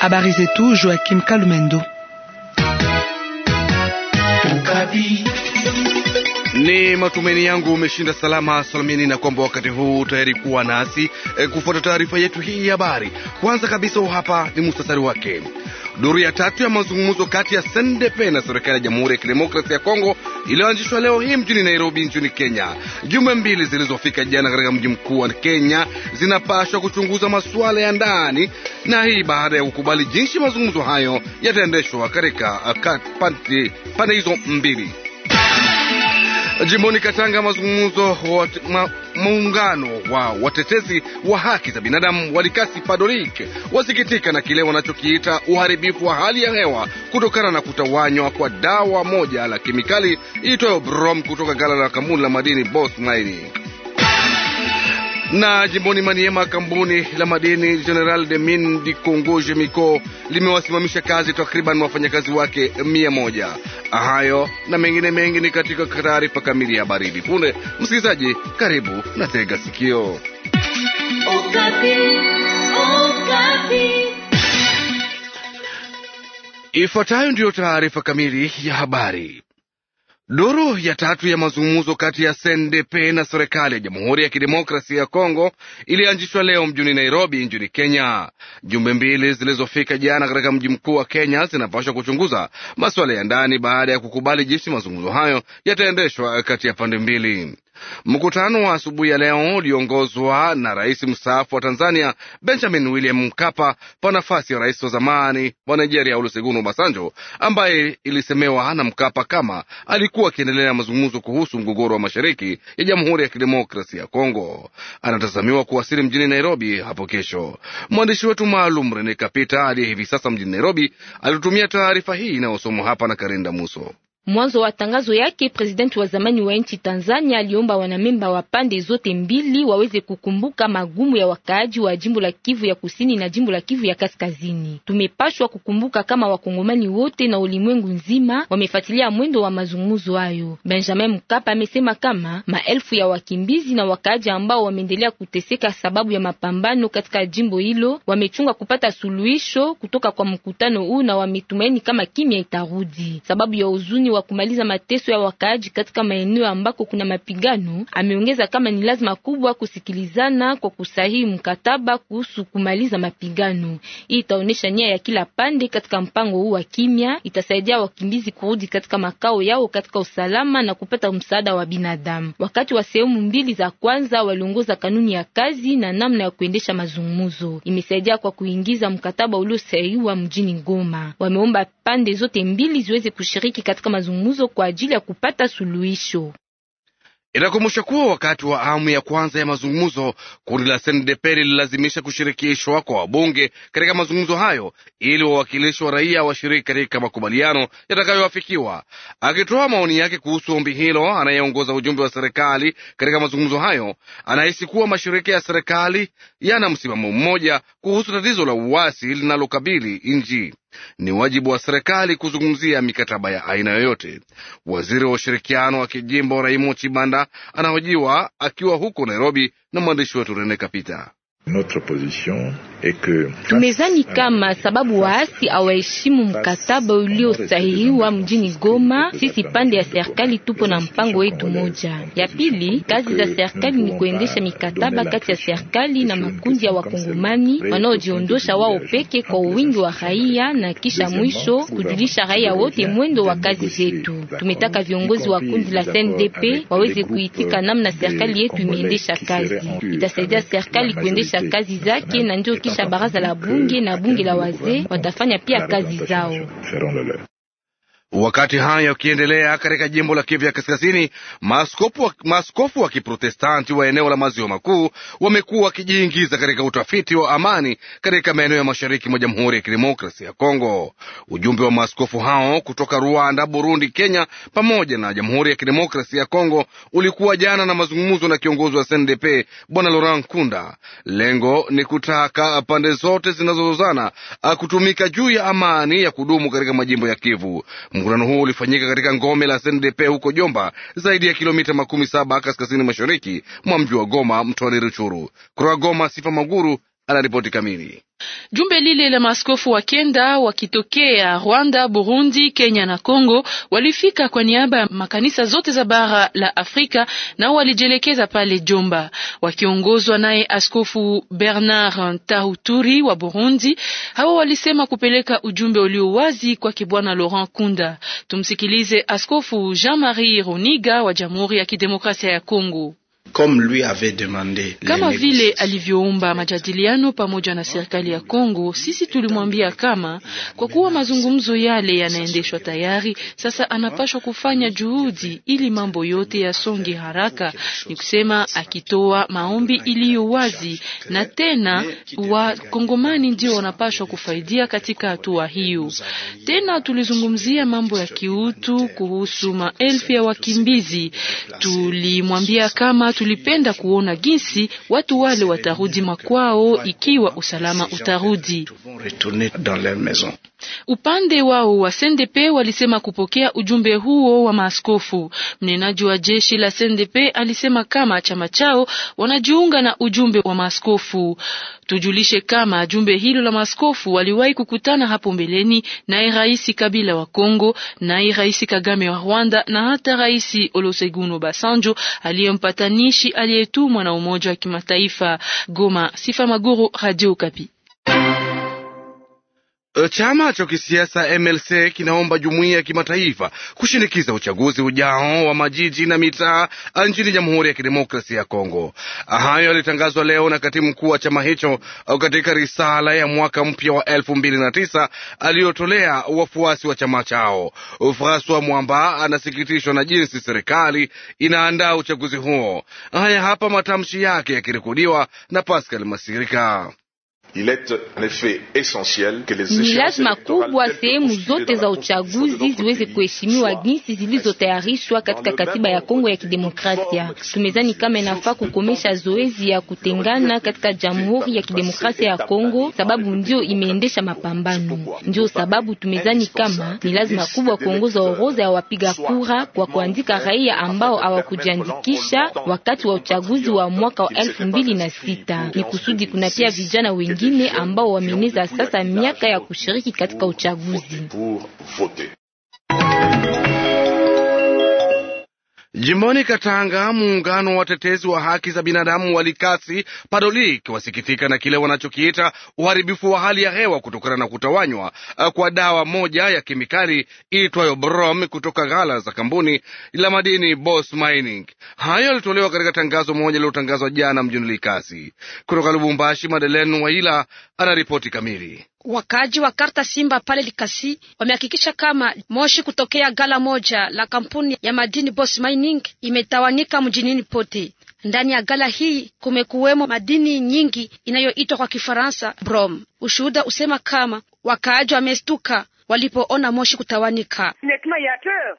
Habari zetu Joachim Kalumendo. Ni matumaini yangu umeshinda salama salamini na kwamba wakati huu tayari kuwa nasi e, kufuata taarifa yetu hii ya habari. Kwanza kabisa hapa ni mustasari wake. Duru ya tatu ya mazungumzo kati ya sndp na serikali ya Jamhuri ya Kidemokrasia ya Kongo iliyoanzishwa leo hii mjini Nairobi nchini Kenya. Jumbe mbili zilizofika jana katika mji mkuu wa Kenya zinapashwa kuchunguza masuala ya ndani, na hii baada ya kukubali jinsi mazungumzo hayo yataendeshwa katika uh, pande hizo mbili. Jimboni Katanga, mazungumzo ma, muungano wa watetezi wa haki za binadamu walikasi Padorik wasikitika na kile wanachokiita uharibifu wa hali ya hewa kutokana na kutawanywa kwa dawa moja la kemikali iitwayo brom kutoka gala la kampuni la madini Boss Mining. Na jimboni Maniema, kampuni la madini General de Mine du Congo Jemico limewasimamisha kazi takriban wafanyakazi wake mia moja. Hayo na mengine mengi ni katika taarifa kamili ya habari hivi punde. Msikilizaji, karibu na tega sikio. Ukati, ukati. Ifuatayo ndiyo taarifa kamili ya habari. Duru ya tatu ya mazungumzo kati ya SNDP na serikali ya Jamhuri ya Kidemokrasia ya Kongo ilianzishwa leo mjini Nairobi nchini Kenya. Jumbe mbili zilizofika jana katika mji mkuu wa Kenya zinapaswa kuchunguza masuala ya ndani baada ya kukubali jinsi mazungumzo hayo yataendeshwa kati ya pande mbili. Mkutano wa asubuhi ya leo uliongozwa na rais mstaafu wa Tanzania Benjamin William Mkapa pa nafasi ya rais wa zamani wa Nigeria Olusegun Obasanjo, ambaye ilisemewa na Mkapa kama alikuwa akiendelea na mazungumzo kuhusu mgogoro wa mashariki ya Jamhuri ya Kidemokrasia ya Kongo. Anatazamiwa kuwasili mjini Nairobi hapo kesho. Mwandishi wetu maalum Rene Kapita aliye hivi sasa mjini Nairobi alitumia taarifa hii inayosomwa hapa na Karinda Muso. Mwanzo wa tangazo yake, presidenti wa zamani wa nchi Tanzania aliomba wanamemba wa pande zote mbili waweze kukumbuka magumu ya wakaaji wa jimbo la Kivu ya Kusini na jimbo la Kivu ya Kaskazini. Tumepashwa kukumbuka kama wakongomani wote na ulimwengu nzima wamefuatilia mwendo wa mazungumzo hayo. Benjamin Mkapa amesema kama maelfu ya wakimbizi na wakaaji ambao wameendelea kuteseka sababu ya mapambano katika jimbo hilo wamechunga kupata suluhisho kutoka kwa mkutano huu na wametumaini kama kimya itarudi. Sababu ya huzuni wa kumaliza mateso ya wakaaji katika maeneo ambako kuna mapigano. Ameongeza kama ni lazima kubwa kusikilizana kwa kusahihi mkataba kuhusu kumaliza mapigano. Hii itaonyesha nia ya kila pande katika mpango huu wa kimya, itasaidia wakimbizi kurudi katika makao yao katika usalama na kupata msaada wa binadamu. Wakati wa sehemu mbili za kwanza waliongoza kanuni ya kazi na namna ya kuendesha mazungumzo, imesaidia kwa kuingiza mkataba uliosahihiwa mjini Goma. Wameomba pande zote mbili ziweze kushiriki katika mazungumzo mazungumzo kwa ajili ya kupata suluhisho. Inakumbusha kuwa wakati wa awamu ya kwanza ya mazungumzo kundi la SNDP lililazimisha kushirikishwa kwa wabunge katika mazungumzo hayo ili wawakilishi wa raia washiriki katika makubaliano yatakayoafikiwa. Akitoa maoni yake kuhusu ombi hilo, anayeongoza ujumbe wa serikali katika mazungumzo hayo anahisi kuwa mashirika ya serikali yana msimamo mmoja kuhusu tatizo la uasi linalokabili nchi. Ni wajibu wa serikali kuzungumzia mikataba ya aina yoyote. Waziri wa ushirikiano wa kijimbo Raimo Chibanda anahojiwa akiwa huko Nairobi na mwandishi wetu Rene Kapita. Notre position Tumezani kama sababu waasi hawaheshimu mkataba uliosahihiwa mjini Goma. Sisi pande ya serikali tupo na mpango yetu moja. Ya pili, kazi za serikali ni kuendesha mikataba kati ya serikali na makundi ya wakongomani wanaojiondosha wao peke kwa uwingi wa raia, na kisha mwisho kujulisha raia wote mwendo wa kazi zetu. Tumetaka viongozi wa kundi la CNDP waweze kuitika namna serikali yetu imeendesha kazi, itasaidia serikali kuendesha kazi zake na ndio kisha kisha baraza la bunge na bunge la wazee watafanya pia kazi zao. Wakati hayo yakiendelea katika jimbo la Kivu ya Kaskazini, maaskofu wa Kiprotestanti wa eneo la maziwa makuu wamekuwa wakijiingiza katika utafiti wa amani katika maeneo ya mashariki mwa Jamhuri ya Kidemokrasia ya Kongo. Ujumbe wa maaskofu hao kutoka Rwanda, Burundi, Kenya pamoja na Jamhuri ya Kidemokrasia ya Kongo ulikuwa jana na mazungumzo na kiongozi wa CNDP Bwana Laurent kunda Lengo ni kutaka pande zote zinazozozana kutumika juu ya amani ya kudumu katika majimbo ya Kivu. Mkutano huo ulifanyika katika ngome la SNDP huko Jomba, zaidi ya kilomita makumi saba kaskazini mashariki mwa mji wa Goma, mtoani Ruchuru. Kutoka Goma, Sifa Maguru, Anaripoti kamili. Jumbe lile la maaskofu wa kenda wakitokea Rwanda, Burundi, Kenya na congo walifika kwa niaba ya makanisa zote za bara la Afrika na walijielekeza pale Jomba wakiongozwa naye Askofu Bernard Tahuturi wa Burundi. Hawa walisema kupeleka ujumbe ulio wazi kwake Bwana Laurent Kunda. Tumsikilize Askofu Jean-Marie roniga wa Jamhuri ya Kidemokrasia ya congo Comme lui avait demandé, kama vile alivyoomba majadiliano pamoja na serikali ya Kongo. Sisi tulimwambia kama kwa kuwa mazungumzo yale yanaendeshwa tayari, sasa anapashwa kufanya juhudi ili mambo yote yasonge haraka, ni kusema akitoa maombi iliyo wazi, na tena wakongomani ndio wanapashwa kufaidia katika hatua hiyo. Tena tulizungumzia mambo ya kiutu kuhusu maelfu ya wakimbizi, tulimwambia kama tulipenda kuona jinsi watu wale watarudi makwao ikiwa usalama utarudi. Upande wao wa sndp walisema kupokea ujumbe huo wa maaskofu. Mnenaji wa jeshi la sndp alisema kama chama chao wanajiunga na ujumbe wa maaskofu. Tujulishe kama jumbe hilo la maaskofu waliwahi kukutana hapo mbeleni naye Rais Kabila wa Kongo, naye Rais Kagame wa Rwanda na hata Rais Olusegun Obasanjo aliyempatanishi aliyetumwa na Umoja wa Kimataifa. Goma, Sifa Maguru, Radio Kapi. Eh, chama cha kisiasa MLC kinaomba jumuiya ya kimataifa kushinikiza uchaguzi ujao wa majiji na mitaa eh, nchini Jamhuri ya Kidemokrasia ya Kongo. Eh, hayo yalitangazwa leo na katibu mkuu wa chama hicho katika risala ya mwaka mpya wa elfu mbili na tisa aliyotolea wafuasi wa chama chao. Francois Mwamba anasikitishwa na jinsi serikali inaandaa uchaguzi huo. Haya hapa matamshi yake yakirekodiwa na Pascal Masirika. Ni lazima kubwa sehemu zote za uchaguzi ziweze kuheshimiwa jinsi zilizotayarishwa katika katiba ya Kongo ya Kidemokrasia. Tumezani kama inafaa kukomesha zoezi ya kutengana katika Jamhuri ya Kidemokrasia ya Kongo, sababu ndio imeendesha mapambano. Ndio sababu tumezani kama ni lazima kubwa kuongoza orodha ya wapiga kura kwa kuandika raia ambao hawakujiandikisha wakati wa uchaguzi wa mwaka wa elfu mbili na sita. Ni kusudi kuna pia vijana wengi wengine ambao wameniza sasa miaka ya kushiriki katika uchaguzi. Jimboni Katanga, muungano wa watetezi wa haki za binadamu Likasi Padolik wasikitika na kile wanachokiita uharibifu wa hali ya hewa kutokana na kutawanywa eh, kwa dawa moja ya kemikali iitwayo brom kutoka ghala za kampuni la madini Boss Mining. Hayo yalitolewa katika tangazo moja lililotangazwa jana mjini Likasi. Kutoka Lubumbashi, Madeleine Waila anaripoti kamili. Wakaaji wa Karta Simba pale Likasi wamehakikisha kama moshi kutokea gala moja la kampuni ya madini Boss Mining imetawanyika mjinini pote. Ndani ya gala hii kumekuwemo madini nyingi inayoitwa kwa Kifaransa brom. Ushuhuda usema kama wakaaji wamestuka walipoona moshi kutawanika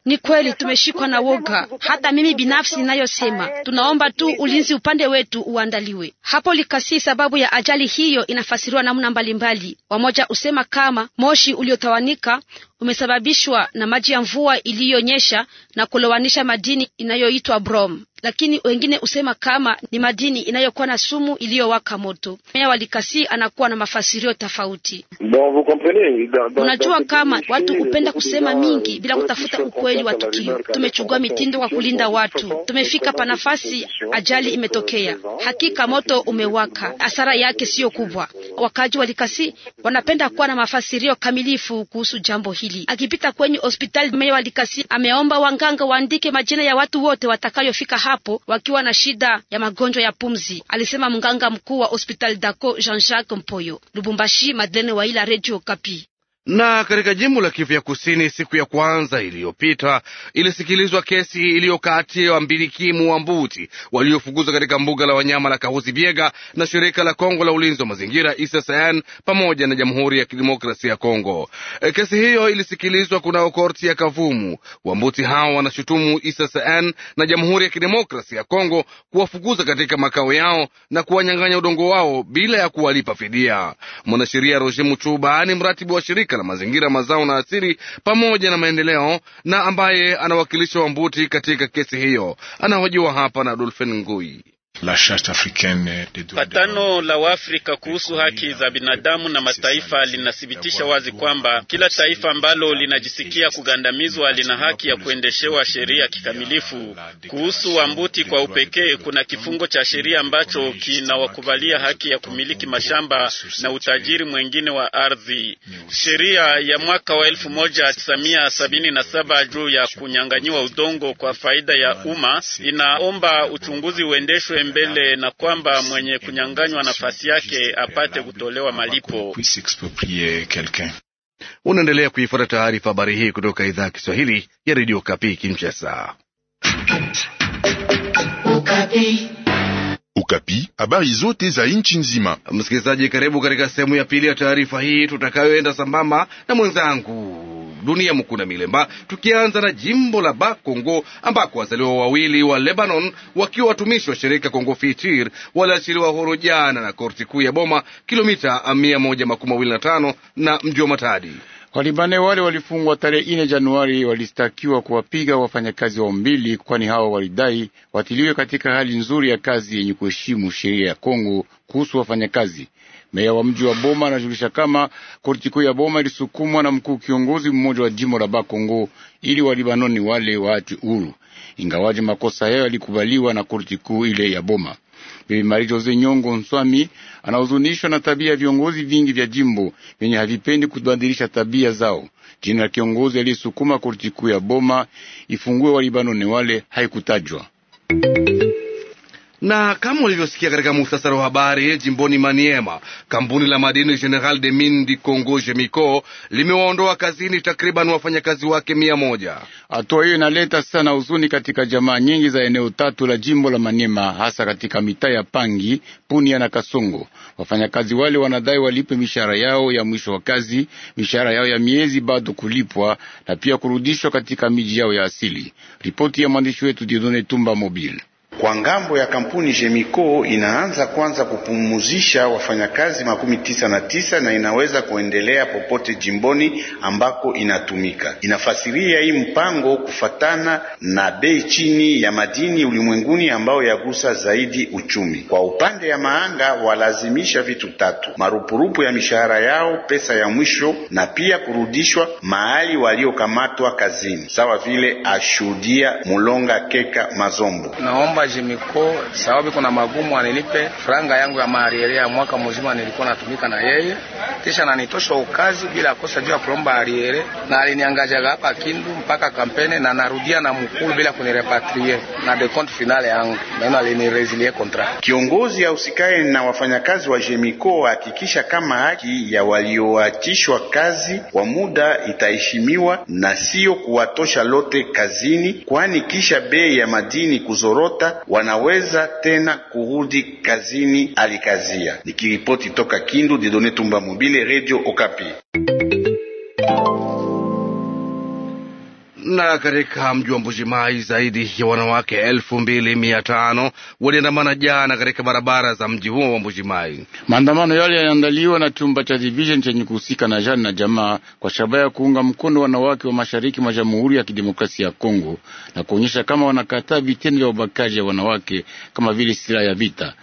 Ni kweli tumeshikwa na woga, hata mimi binafsi ninayosema, tunaomba tu ulinzi upande wetu uandaliwe hapo Likasi. Sababu ya ajali hiyo inafasiriwa namna mbalimbali, wamoja usema kama moshi uliotawanika umesababishwa na maji ya mvua iliyonyesha na kulowanisha madini inayoitwa brom, lakini wengine usema kama ni madini inayokuwa na sumu iliyowaka moto. Meya Walikasi anakuwa na mafasirio tofauti. Unajua kama watu hupenda kusema mingi bila kutafuta ukweli wa tukio. Tumechugua mitindo kwa kulinda watu. Tumefika pa nafasi ajali imetokea, hakika moto umewaka, hasara yake siyo kubwa. Wakaji Walikasi wanapenda kuwa na mafasirio kamilifu kuhusu jambo hili. Matadi. Akipita kwenye hospitali meya wa Likasi ameomba wanganga waandike majina ya watu wote watakayofika hapo wakiwa na shida ya magonjwa ya pumzi, alisema mganga mkuu wa hospitali Dako Jean-Jacques Mpoyo. Lubumbashi, Madeleine Waila, Radio Kapi. Na katika jimbo la Kivu ya Kusini, siku ya kwanza iliyopita ilisikilizwa kesi iliyo mbirikimu wa mbuti waliofukuzwa katika mbuga la wanyama la Kahuzi Biega na shirika la Kongo la ulinzi wa mazingira ICCN pamoja na Jamhuri ya Kidemokrasia ya Kongo. E, kesi hiyo ilisikilizwa kunao korti ya Kavumu. Wambuti hao wanashutumu ssn na Jamhuri ya kidemokrasi ya Kongo kuwafukuza katika makao yao na kuwanyang'anya udongo wao bila ya kuwalipa fidia. Mwanasheria Roger Muchuba ni mratibu wa shirika la mazingira, mazao na asili pamoja na maendeleo, na ambaye anawakilisha Wambuti katika kesi hiyo, anahojiwa hapa na Dolphin Ngui. La patano la Waafrika kuhusu haki za binadamu na mataifa linathibitisha wazi kwamba kila taifa ambalo linajisikia kugandamizwa lina haki ya kuendeshewa sheria kikamilifu. Kuhusu Wambuti kwa upekee, kuna kifungo cha sheria ambacho kinawakubalia haki ya kumiliki mashamba na utajiri mwengine wa ardhi. Sheria ya mwaka wa 1977 juu ya kunyanganyiwa udongo kwa faida ya umma inaomba uchunguzi uendeshwe mbele na kwamba mwenye kunyang'anywa nafasi yake apate kutolewa malipo. Unaendelea kuifuata taarifa habari hii kutoka idhaa ya Kiswahili ya redio Kapi Kinshasa. Ukapi, Ukapi, habari zote za nchi nzima. Msikilizaji, karibu katika sehemu ya pili ya taarifa hii tutakayoenda sambamba na mwenzangu dunia mukuna Milemba, tukianza na jimbo la Bakongo ambako wazaliwa wawili wa Lebanon wakiwa watumishi wa shirika Kongo Fitir waliachiliwa huru jana na korti kuu ya Boma, kilomita tano na mji wa Matadi. Walibane wale walifungwa tarehe ine Januari walistakiwa kuwapiga wafanyakazi wao mbili, kwani hao walidai watiliwe katika hali nzuri ya kazi yenye kuheshimu sheria ya Kongo kuhusu wafanyakazi. Meya wa mji wa Boma anajulisha kama korti kuu ya Boma ilisukumwa na mkuu kiongozi mmoja wa jimbo la Bakongo ili walibanoni wale waachwe huru, ingawaje makosa yao yalikubaliwa na korti kuu ile ya Boma. Bibi Jose Nyongo Nswami anahuzunishwa na tabia ya viongozi vingi vya jimbo vyenye havipendi kubadilisha tabia zao. Jina la kiongozi aliyesukuma korti kuu ya Boma ifungue walibanone wale haikutajwa. Na kama ulivyosikia katika muhtasari wa habari, jimboni Maniema, kampuni la madini General de Mine du Congo Jemico limewaondoa kazini takriban wafanyakazi wake mia moja. Hatua hiyo inaleta sana huzuni katika jamaa nyingi za eneo tatu la jimbo la Maniema, hasa katika mitaa ya Pangi, Punia na Kasongo. Wafanyakazi wale wanadai walipe mishahara yao ya mwisho wa kazi, mishahara yao ya miezi bado kulipwa na pia kurudishwa katika miji yao ya asili. Ripoti ya mwandishi wetu Diodone Tumba Mobile. Kwa ngambo ya kampuni Jemico inaanza kwanza kupumuzisha wafanyakazi makumi tisa na tisa na inaweza kuendelea popote jimboni ambako inatumika. Inafasiria hii mpango kufatana na bei chini ya madini ulimwenguni ambayo yagusa zaidi uchumi. Kwa upande ya maanga walazimisha vitu tatu: marupurupu ya mishahara yao, pesa ya mwisho na pia kurudishwa mahali waliokamatwa kazini, sawa vile ashuhudia Mulonga Keka Mazombo. Naomba niliomba Jimiko sababu kuna magumu, anilipe franga yangu ya maariere ya mwaka mzima nilikuwa natumika na yeye kisha ananitosha ukazi bila kosa juu ya kulomba ariere, na aliniangajaga hapa Kindu mpaka kampeni, na narudia na mkulu bila kunirepatrie na de compte finale yangu maana alinirezilie contrat. Kiongozi ausikae na wafanyakazi wa Jemiko hakikisha kama haki ya walioachishwa kazi kwa muda itaheshimiwa na sio kuwatosha lote kazini, kwani kisha bei ya madini kuzorota wanaweza tena kurudi kazini, alikazia. Nikiripoti toka Kindu, Didone Tumba Mubi vile Radio Okapi. na katika mji wa Mbujimai zaidi ya wanawake elfu mbili mia tano waliandamana jana katika barabara za mji huo wa Mbujimai. Maandamano yale yaliandaliwa na chumba cha division chenye kuhusika na jana na jamaa kwa shabaha ya kuunga mkono wanawake wa mashariki mwa Jamhuri ya Kidemokrasia ya Kongo na kuonyesha kama wanakataa vitendo vya ubakaji ya wanawake kama vile silaha ya vita.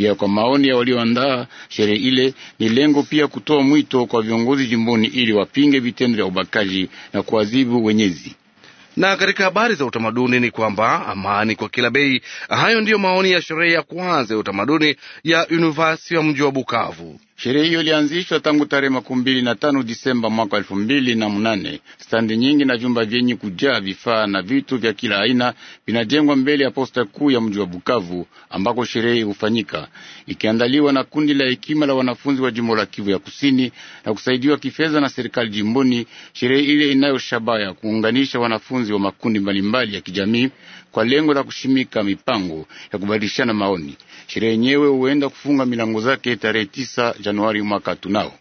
Pia kwa maoni ya walioandaa sherehe ile, ni lengo pia kutoa mwito kwa viongozi jimboni ili wapinge vitendo vya ubakaji na kuadhibu wenyezi. Na katika habari za utamaduni ni kwamba amani kwa kila bei. Hayo ndiyo maoni ya sherehe ya kwanza ya utamaduni ya Univasi ya mji wa Bukavu. Sherehe hiyo ilianzishwa tangu tarehe makumi mbili na tano Disemba mwaka elfu mbili na Standi nyingi na vyumba vyenye kujaa vifaa na vitu vya kila aina vinajengwa mbele ya posta kuu ya mji wa Bukavu ambako sherehe hufanyika, ikiandaliwa na kundi la hekima la wanafunzi wa jimbo la Kivu ya Kusini na kusaidiwa kifedha na serikali jimboni. Sherehe ile inayo shabaha ya kuunganisha wanafunzi wa makundi mbalimbali ya kijamii kwa lengo la kushimika mipango ya kubadilishana maoni. Sherehe yenyewe huenda kufunga milango zake tarehe tisa januari mwaka tunao.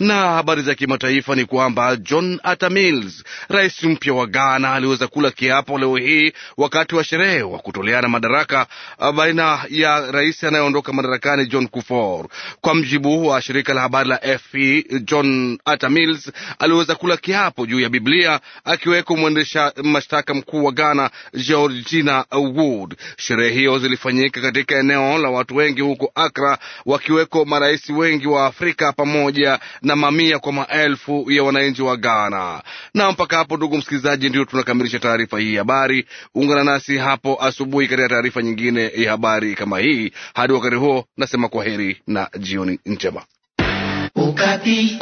Na habari za kimataifa ni kwamba John Atta Mills, rais mpya wa Ghana, aliweza kula kiapo leo hii wakati wa sherehe wa kutoleana madaraka uh, baina ya rais anayeondoka madarakani John Kufuor. Kwa mjibu wa shirika la habari la FP, e, John Atta Mills aliweza kula kiapo juu ya Biblia akiweko mwendesha mashtaka mkuu wa Ghana Georgina Wood. Sherehe hiyo zilifanyika katika eneo la watu wengi huko Akra, wakiweko marais wengi wa Afrika pamoja na mamia kwa maelfu ya wananchi wa Ghana. Na mpaka hapo, ndugu msikilizaji, ndio tunakamilisha taarifa hii habari. Ungana nasi hapo asubuhi katika taarifa nyingine ya habari kama hii. Hadi wakati huo, nasema kwa heri na jioni njema. Ukati.